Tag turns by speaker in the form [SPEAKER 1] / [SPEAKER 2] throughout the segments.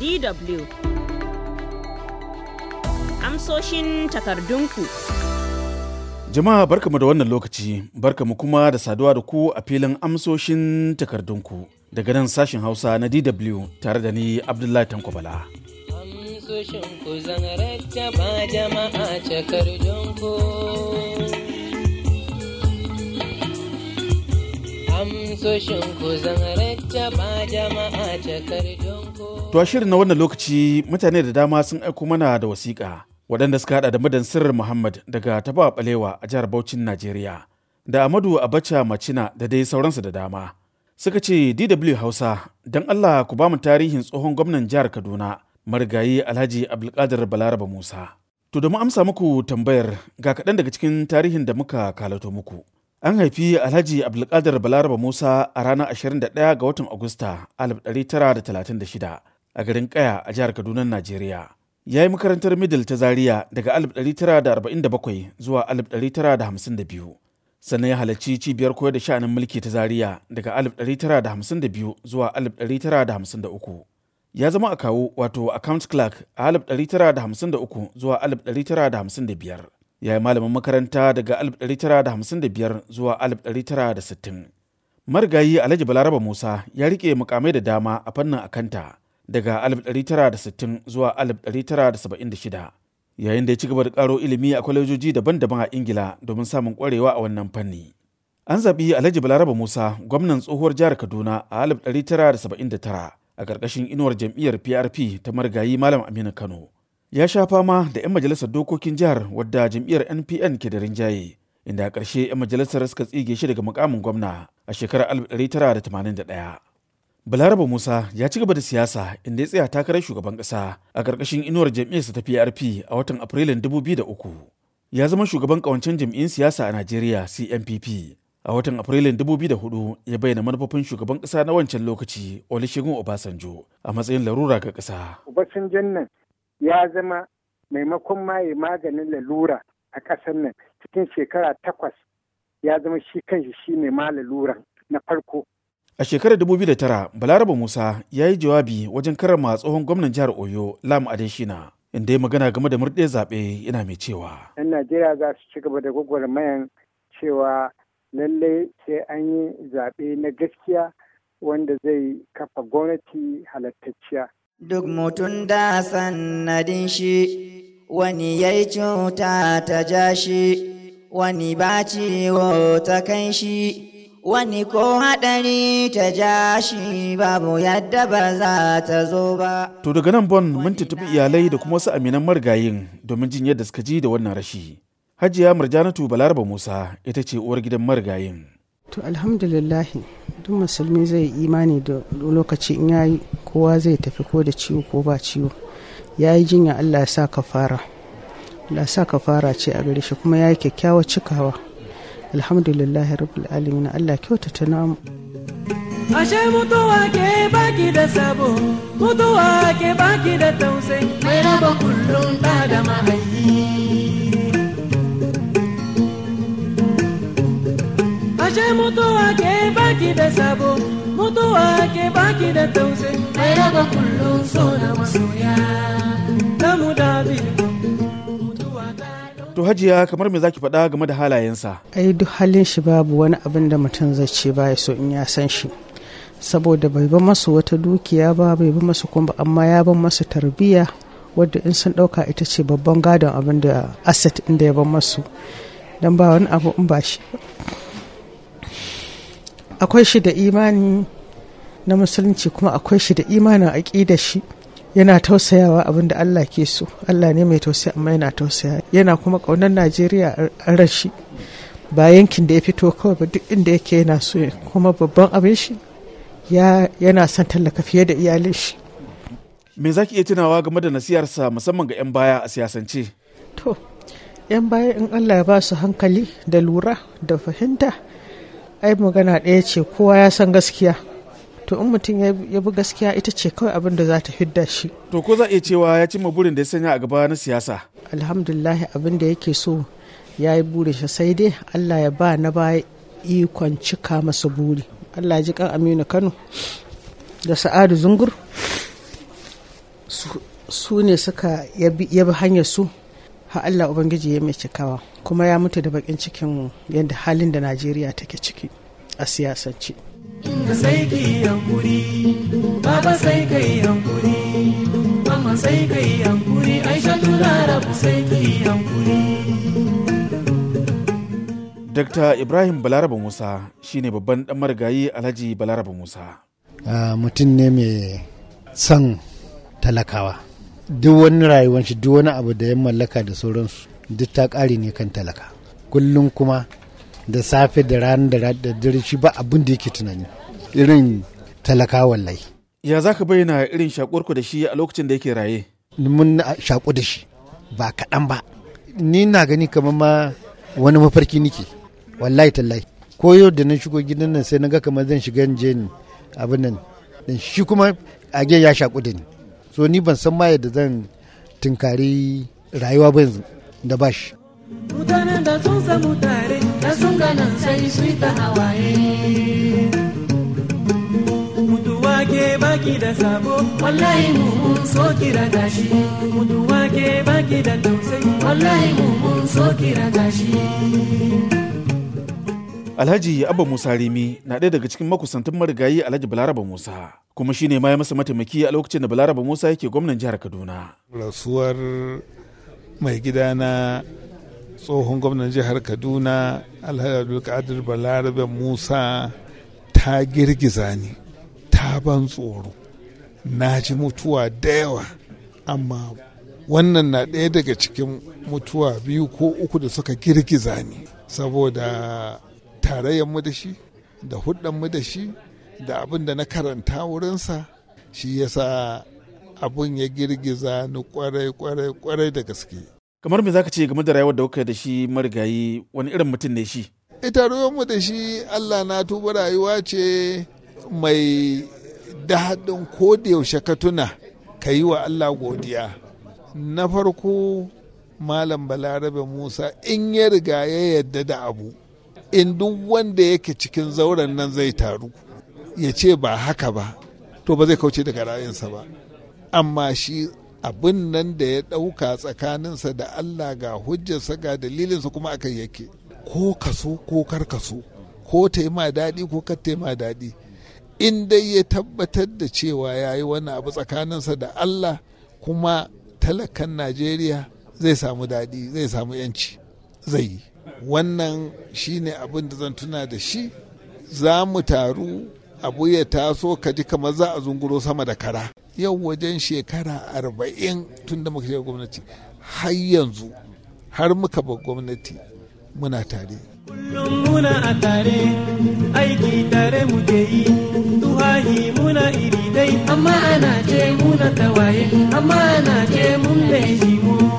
[SPEAKER 1] DW. Amsoshin takardunku.
[SPEAKER 2] Jama'a barkamu da wannan lokaci, barkamu kuma da saduwa da ku a filin amsoshin takardunku daga nan sashin Hausa na DW tare da ni Abdullahi Tankwabala.
[SPEAKER 1] Amsoshin ku zan ba jama'a takardunku. amsoshin ku ba jama'a
[SPEAKER 2] To shirin na wannan lokaci mutane da dama sun aiko mana da wasiƙa waɗanda suka haɗa da madan sirrin Muhammad daga taba Balewa a jihar Bauchin Najeriya da Amadu Abacha Macina da dai sauransu da dama. Suka ce DW Hausa don Allah ku ba mu tarihin tsohon gwamnan jihar Kaduna marigayi Alhaji Abdulkadir Balaraba Musa. To da mu amsa muku tambayar ga kaɗan daga cikin tarihin da muka kalato muku. An haifi Alhaji Abdulkadir Balaraba Musa a ranar 21 ga watan Agusta 1936 a garin Kaya a jihar Kaduna, Najeriya. Ya yi makarantar Middle ta Zaria daga 1947 zuwa 1952. Sannan ya halarci cibiyar koyar da sha'anin mulki ta Zaria daga 1952 zuwa 1953. Ya zama a kawo wato account clerk a 1953 zuwa 1955. ya yi malamin makaranta daga 1955 zuwa 1960 marigayi alhaji balaraba musa ya rike mukamai da dama a fannin akanta daga 1960 zuwa 1976 yayin da ya ci gaba da karo ilimi a kwalejoji daban-daban a ingila domin samun kwarewa a wannan fanni an zaɓi alhaji balaraba musa gwamnan tsohuwar jihar kaduna a 1979 a ƙarƙashin inuwar jam'iyyar prp ta marigayi malam aminu kano ya sha fama da 'yan majalisar dokokin jihar wadda jam'iyyar npn ke da rinjaye inda a ƙarshe 'yan majalisar suka tsige shi daga mukamin gwamna a shekarar 1981 balaraba musa ya ci gaba da siyasa inda ya tsaya takarar shugaban ƙasa a ƙarƙashin inuwar jam'iyyarsa ta prp a watan afrilun 2003 ya zama shugaban ƙawancen jam'iyyun siyasa a najeriya cnpp a watan afrilun 2004 ya bayyana manufofin shugaban ƙasa na wancan lokaci olusegun obasanjo a matsayin larura ga ƙasa.
[SPEAKER 3] ya zama maimakon ma maganin lalura a ƙasar nan cikin shekara takwas ya zama shi kanshi shi ne ma lalura na farko.
[SPEAKER 2] A shekarar 2009 Balaraba Musa ya yi jawabi wajen karrama tsohon gwamnan jihar Oyo Lam Adeshina inda ya magana game da murɗe zaɓe yana mai cewa.
[SPEAKER 3] 'Yan Najeriya za su ci gaba da gwagwarmayan cewa lallai sai an yi zaɓe na gaskiya wanda zai kafa gwamnati
[SPEAKER 2] halartacciya. duk mutum da sannadin shi wani ya yi cuta ta ja shi wani ba ciwo ta kan shi wani ko haɗari ta ja shi babu yadda ba za ta zo ba. To daga nan bon mun tuntuɓi iyalai da kuma wasu aminan marigayin domin jin yadda suka ji da wannan rashi. Hajiya Murjanatu Balaraba Musa ita ce uwar gidan marigayin.
[SPEAKER 4] To alhamdulillahi duk musulmi zai imani da lokaci in yayi kowa zai tafi ko da ciwo ko ba ciwo ya yi jinya allah ya sa fara allah sa kafara ce a gare shi kuma ya yi kyakkyawa cikawa alhamdulillahi rabbil alamin allah kyautata namu
[SPEAKER 1] ashe mutuwa ke baki da sabo mutuwa ke baki da tausayi mai raba kullum da da mahayi mutuwa ke baki da sabo mutuwa ke baki da tausayi mai raba kullum so na masoya damu
[SPEAKER 2] da To hajiya kamar me zaki faɗa game da halayensa?
[SPEAKER 4] Ai duk halin shi babu wani abin da mutum zai ce baya so in ya san shi. Saboda bai ba masu wata dukiya ba bai ba masu kuma amma ya ba masu tarbiyya wadda in sun ɗauka ita ce babban gadon abin da asset inda ya ba masu. Dan ba wani abu in ba shi. akwai shi da imani na musulunci kuma akwai shi da imanin aƙida shi yana tausayawa abin da Allah ke so Allah ne mai tausaya amma yana tausaya yana kuma ƙaunar Najeriya a rashi ba yankin da ya fito kawai ba duk inda yake yana so kuma babban abin shi yana son tallaka fiye da iyalin shi
[SPEAKER 2] me zaki iya tunawa game da nasiyarsa musamman ga 'yan baya a siyasance
[SPEAKER 4] to 'yan baya in Allah ya ba su hankali da lura da fahimta ai magana ɗaya ce kowa ya san gaskiya to in mutum ya bi gaskiya ita ce kawai abin da za ta fidda shi
[SPEAKER 2] to ko za iya cewa ya cimma burin da ya sanya a gaba na siyasa
[SPEAKER 4] alhamdulillah abin da yake so ya yi burin shi sai dai allah ya ba na baya ikon cika masa buri allah ya ji kan aminu kano da sa'adu zungur su ne suka yabi hanyar su har Allah Ubangiji ya mai cikawa kuma ya mutu da bakin cikin yadda halin da Najeriya take ciki a siyasance.
[SPEAKER 2] Dr. Ibrahim Balaraba Musa shine babban dan marigayi Alhaji Balaraba Musa.
[SPEAKER 5] Uh, Mutum ne mai son talakawa. duk wani rayuwar shi duk wani abu da ya mallaka da sauransu duk ta ƙare ne kan talaka kullum kuma da safe da rana da da dare shi ba abin da yake tunani irin talaka wallahi
[SPEAKER 2] ya za ka bayyana irin shakuwar da shi a lokacin da yake raye mun shaku da shi
[SPEAKER 5] ba kaɗan ba ni na gani kamar ma wani mafarki nike wallahi tallahi ko yau da na shigo gidan nan sai na ga kamar zan shiga je abin nan shi kuma a ya shaku da ni so ni ban san ma yadda zan tunkari rayuwa ba yanzu da bashi
[SPEAKER 1] mutanen da sun samu tare da sun ganin sai su ta hawaye
[SPEAKER 5] mutuwa ke
[SPEAKER 1] baki da sabo wallahi mu mun so kira gashi mutuwa ke baki da tausayi wallahi mu mun so kira gashi
[SPEAKER 2] Alhaji Abba Musa Rimi na ɗaya daga cikin makusantan marigayi Alhaji Balaraba Musa kuma shine ma ya masa mataimaki a lokacin da Balaraba Musa yake gwamnan jihar Kaduna.
[SPEAKER 6] Rasuwar mai gida na tsohon gwamnan jihar Kaduna Alhaji Abdulkadir Balaraba Musa ta girgiza ni ta ban tsoro na ji mutuwa da yawa amma wannan na ɗaya daga cikin mutuwa biyu ko uku da suka girgiza ni saboda tarayyar mu da shi da hudan mu da shi da abin da na karanta wurinsa shi yasa abin ya girgiza ni kwarai kwarai kwarai da gaske
[SPEAKER 2] kamar me zaka ce game da rayuwar da kuka da shi marigayi wani irin mutum ne shi ita
[SPEAKER 6] mu da shi allah na tuba rayuwa ce mai ko da yaushe ka tuna ka yi wa allah godiya na farko malam balarabe musa in ya riga ya yadda da abu in duk wanda yake cikin zauren nan zai taru ya ce ba haka ba to ba zai kauce daga ra'ayinsa ba amma shi abin nan da ya ɗauka tsakaninsa da Allah ga hujjarsa ga dalilinsa kuma aka yake ko kaso ko kar ko taima daɗi ko kar ta daɗi in dai ya tabbatar da cewa ya yi wani abu tsakaninsa da Allah kuma talakan Najeriya zai samu daɗi zai samu 'yanci zai yi wannan shi ne abin da zan tuna da shi za mu taru abu ya taso ka ji kamar za a zunguro sama da kara yau wajen shekara arba'in tun da muka shiga gwamnati har yanzu har muka ba gwamnati muna tare
[SPEAKER 1] kullum muna a tare aiki tare muke yi tuhahi muna iri dai amma ana ce muna tawaye amma ana ce mun bai mu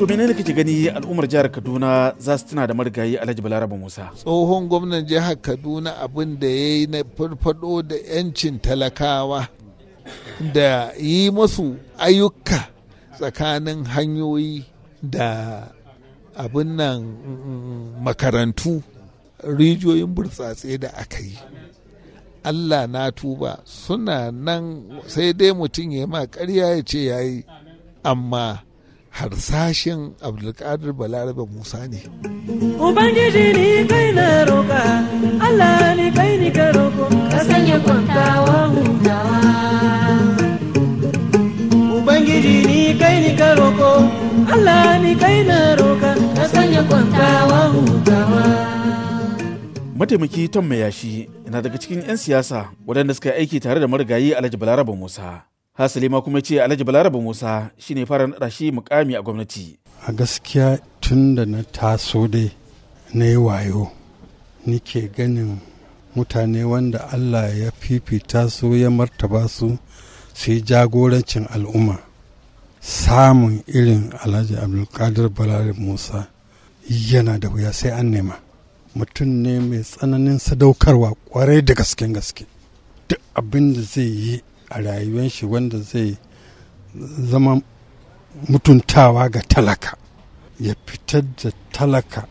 [SPEAKER 2] to menene kake gani al'ummar jihar kaduna za su tuna da marigayi alhaji balaraba musa
[SPEAKER 6] tsohon gwamnan jihar kaduna abin da ya yi na farfado da 'yancin talakawa da yi masu ayyuka tsakanin hanyoyi da abin nan makarantu rijiyoyin burtsatse da aka yi allah na tuba suna nan sai dai mutum ya ma karya ya ce ya yi amma harsashin abdulkadir balarabe musa ne
[SPEAKER 1] ubangiji ni kai na roƙa
[SPEAKER 4] allah ni
[SPEAKER 1] kai ni ka roko ka sanya kwantawa hutawa ubangiji ni kai ni ka roƙo allah ni kai na roka ka sanya kwantawa
[SPEAKER 2] hutawa mataimaki tom mai yashi na daga cikin 'yan siyasa waɗanda suka aiki tare da marigayi alhaji balaraba musa hasalima kuma ce alhaji balaraba musa shine fara naɗa shi mukami a gwamnati
[SPEAKER 7] a gaskiya tun da na taso dai na yi wayo nike ganin mutane wanda allah ya fifita su ya martaba su su yi jagorancin al'umma samun irin alhaji abdulkadir balari musa yana da wuya sai an nema mutum ne mai tsananin sadaukarwa kwarai da gaske gaske duk abin da zai yi a rayuwar shi wanda zai zama mutuntawa ga talaka ya fitar da talaka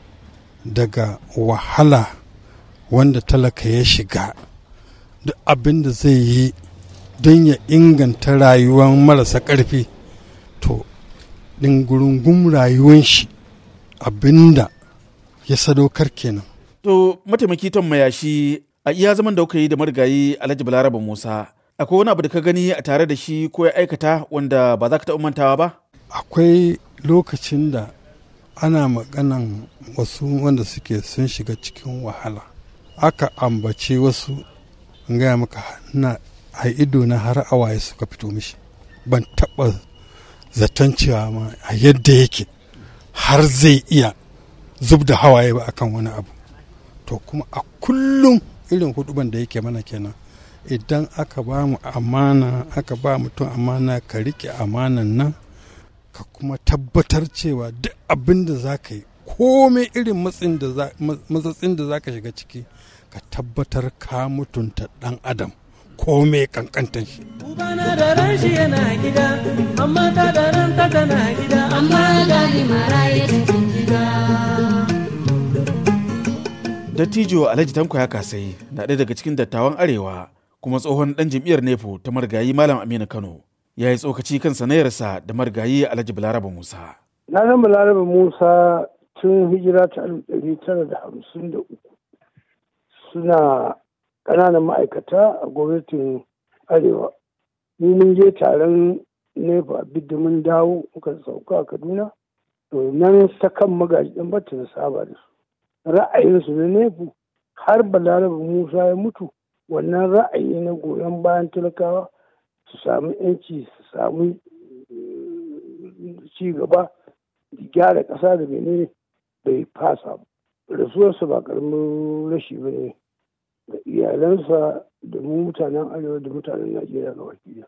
[SPEAKER 7] daga wahala wanda talaka ya shiga duk abin da zai yi don ya inganta rayuwar marasa ƙarfi to ɗingurungun rayuwar shi abin da ya sadaukar kenan
[SPEAKER 2] to mataimaki ton mayashi a iya zaman da kuka yi da marigayi alhaji balaraba musa akwai wani abu da ka gani a tare da shi ko ya aikata wanda ba za ka taɓa mantawa ba
[SPEAKER 7] akwai lokacin da ana maganan wasu wanda suke sun shiga cikin wahala aka ambace wasu gaya maka na a ido na har awaye suka fito mishi ban taɓa zaton cewa ma a yadda yake har zai iya zub da hawaye ba akan wani abu to kuma a kullum irin huduban da yake mana kenan idan aka ba mu amana aka ba mutum amana ka rike amanan nan ka kuma tabbatar cewa duk abin da za ka yi komai irin matsatsin da za ka shiga ciki ka tabbatar ka mutunta dan adam komai kankantan shi.
[SPEAKER 1] yana gida, gida, amma
[SPEAKER 2] Dattijo Alhaji Tanko ya kasai na ɗaya daga cikin dattawan Arewa kuma tsohon ɗan jam'iyyar nepo ta margayi malam aminu kano ya yi tsokaci kan sanayarsa da margayi a alhaji balaraba musa
[SPEAKER 3] na san balaraba musa tun hijira ta alif ɗari tara da hamsin da uku suna ƙananan ma'aikata a gwamnatin arewa mu mun je taron a bidda mun dawo muka sauka a kaduna to nan ta kan magaji ɗan batta na saba da su ra'ayinsu na nepu har balaraba musa ya mutu wannan ra'ayi na goyon bayan talakawa su samu yanci su samu eh, ci gaba gyara ƙasa da menene bai fasa rasuwarsa ba karamin rashi ba ne ga iyalansa da mu mutanen arewa da mutanen najeriya ga baki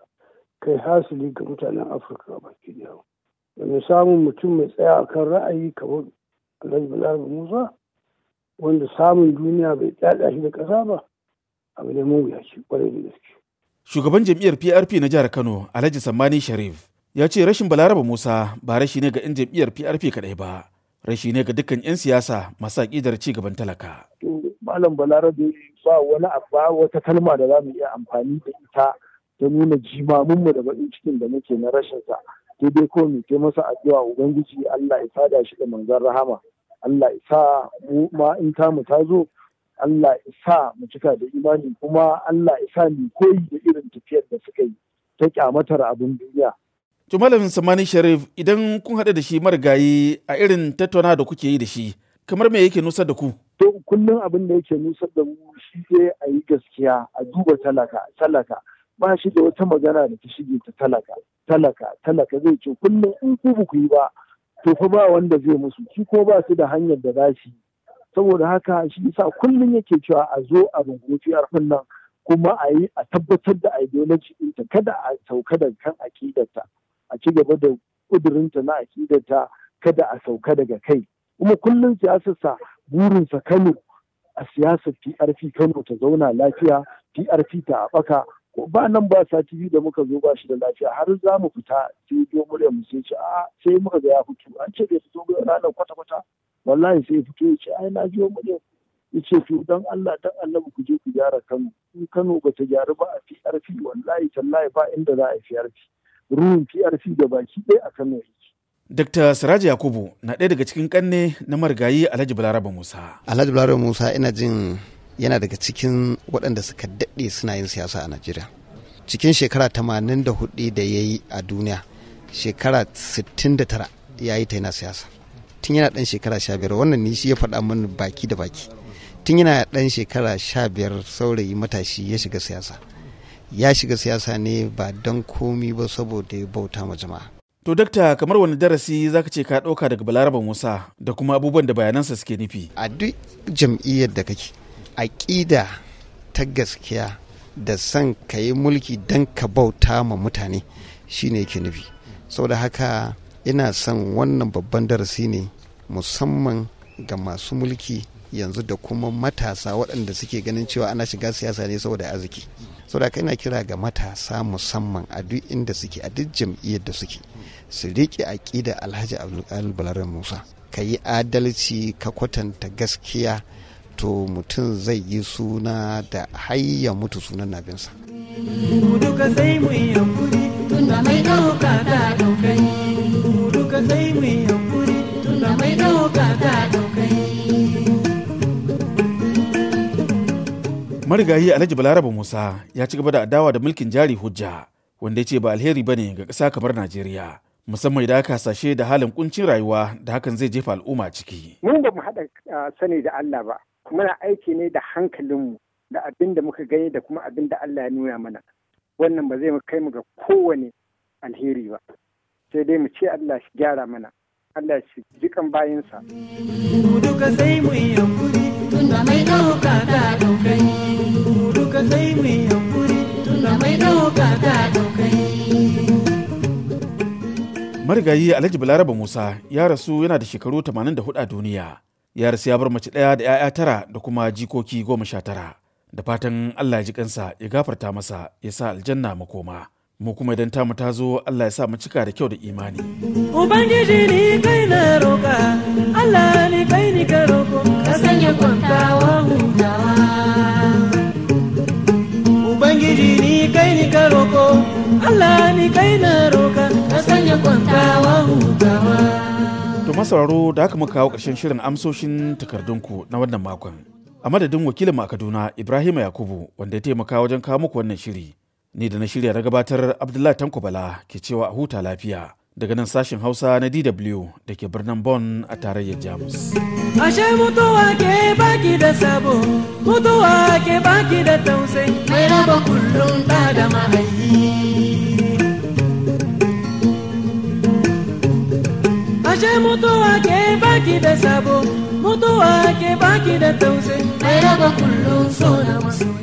[SPEAKER 3] kai hasili ga mutanen afirka ga baki da mai samun mutum mai tsaya a kan ra'ayi kamar alhaji balarabe musa wanda samun duniya bai tsada shi da ƙasa ba abu ne mawuyaci kwarai da gaske.
[SPEAKER 2] Shugaban jam'iyyar PRP na jihar Kano Alhaji Sammani Sharif ya ce rashin Balaraba Musa ba rashi ne ga 'yan jam'iyyar PRP kaɗai ba, rashi ne ga dukkan 'yan siyasa masu aƙidar ci gaban talaka.
[SPEAKER 8] Malam Balarabe ba wani ba wata kalma da za mu iya amfani da ita ta nuna jimaminmu da baƙin cikin da muke na rashinsa. Sai dai ko mu masa masa addu'a Ubangiji Allah ya sada shi da manzon rahama. Allah ya sa mu ma in ta mu ta zo Allah isa mu cika da imani kuma Allah isa ni koyi da irin tafiyar da suka yi ta kyamatar abin duniya.
[SPEAKER 2] To Malamin Samani Sharif idan kun haɗu da shi marigayi a irin tattauna da kuke yi da shi kamar me yake nusar da ku?
[SPEAKER 8] To kullum abin da yake nusar da mu shi ne a yi gaskiya a duba talaka talaka ba shi da wata magana da ta shige ta talaka talaka talaka zai ce kullum in ku ku yi ba to fa ba wanda zai musu shi ko ba su da hanyar da za su yi saboda haka shi yasa kullum yake cewa a zo a rungumi PRP nan kuma a yi a tabbatar da ideology ɗinta kada a sauka daga kan aƙidarta a ci gaba da ƙudurinta na aƙidarta kada a sauka daga kai kuma kullum siyasarsa burinsa Kano a siyasar TRP Kano ta zauna lafiya TRP ta haɓaka ba nan ba sati biyu da muka zo ba shi da lafiya har za mu fita jirgin muryar mu sai ce a sai muka ga ya fito an ce bai fito ba ranar kwata kwata wallahi sai fito ya ce ai na jiyo muryar ya ce to dan Allah dan Allah ku je ku gyara Kano in Kano ba ta gyaru ba a PRP wallahi tallahi ba inda za a yi PRP ruhun PRP da baki ɗaya a Kano yake
[SPEAKER 2] Dr. Siraji Yakubu na ɗaya daga cikin kanne na marigayi Alhaji Balaraba Musa. Alhaji Balaraba Musa ina jin yana daga cikin waɗanda suka daɗe suna yin siyasa a
[SPEAKER 5] najeriya cikin shekara 84 da ya yi a duniya shekara 69 ya yi ta yana siyasa tun yana ɗan shekara 15 wannan ne shi ya faɗa mana baki da baki tun yana ɗan shekara 15 saurayi matashi ya shiga siyasa ya shiga siyasa ne ba don komi ba saboda ya bauta ma jama'a
[SPEAKER 2] To dakta kamar wani darasi zaka ce ka ɗauka daga Balaraba Musa da kuma abubuwan da bayanansa suke nufi. A duk jam'iyyar da kake aƙida ta gaskiya da son
[SPEAKER 5] ka yi mulki don ka bauta ma mutane shine kinibi. nufi saboda haka ina son wannan babban darasi ne musamman ga masu mulki yanzu da kuma matasa waɗanda suke ganin cewa ana shiga siyasa ne saboda arziki saboda haka ina kira ga matasa musamman a duk inda suke a duk jam'iyyar da suke su riƙe aƙida alhaji abdulkadir musa ka yi adalci ka kwatanta gaskiya to mutum zai yi suna da har mutu sunan nabinsa
[SPEAKER 2] marigayi alhaji balaraba musa ya ci gaba da adawa da mulkin jari hujja wanda ya ce ba alheri ba ne ga ƙasa kamar najeriya musamman idan aka sashe da halin kuncin rayuwa da hakan zai jefa al'umma ciki.
[SPEAKER 3] Mun ba mu haɗa ah, sani da Allah ba, muna aiki ne da hankalinmu da abin da muka gani da kuma abin da Allah ya nuna mana wannan ba zai kai mu ga kowane alheri ba sai dai mu ce Allah shi gyara mana Allah shi jikan bayansa
[SPEAKER 1] duka sai mu yi tunda mai dauka ta daukai duka sai mu yi tunda mai dauka ta daukai
[SPEAKER 2] marigayi alhaji balaraba musa ya rasu yana da shekaru 84 a duniya ya rasu ya bar mace ɗaya da 'ya'ya tara da kuma jikoki goma sha tara da fatan allah ya ji kansa ya gafarta masa ya sa aljanna makoma mu kuma idan tamu ta zo allah ya sa mu cika da kyau da imani
[SPEAKER 1] ubangiji ni kai na roka, allah ni kai ni ka roko, ka sanya kwantawa hutawa ubangiji ni kai ni ka allah ni kai na roka, ka sanya kwantawa
[SPEAKER 2] hutawa To masauraro da haka muka kawo ƙarshen shirin amsoshin takardunku na wannan makon. A madadin wakilin a Kaduna Ibrahim Yakubu wanda ya taimaka wajen kawo muku wannan shiri. Ni da na shirya na gabatar Abdullahi Tanko Bala ke cewa a huta lafiya daga nan sashen Hausa na DW da ke birnin Bonn a tarayyar Jamus.
[SPEAKER 1] Ashe mutuwa ke baki da sabo, mutuwa ke baki da tausayi, mai raba kullum da da mahayi. ashe mutuwa ke baki da sabo mutuwa ke baki da tausayi mai raba kullum so na masu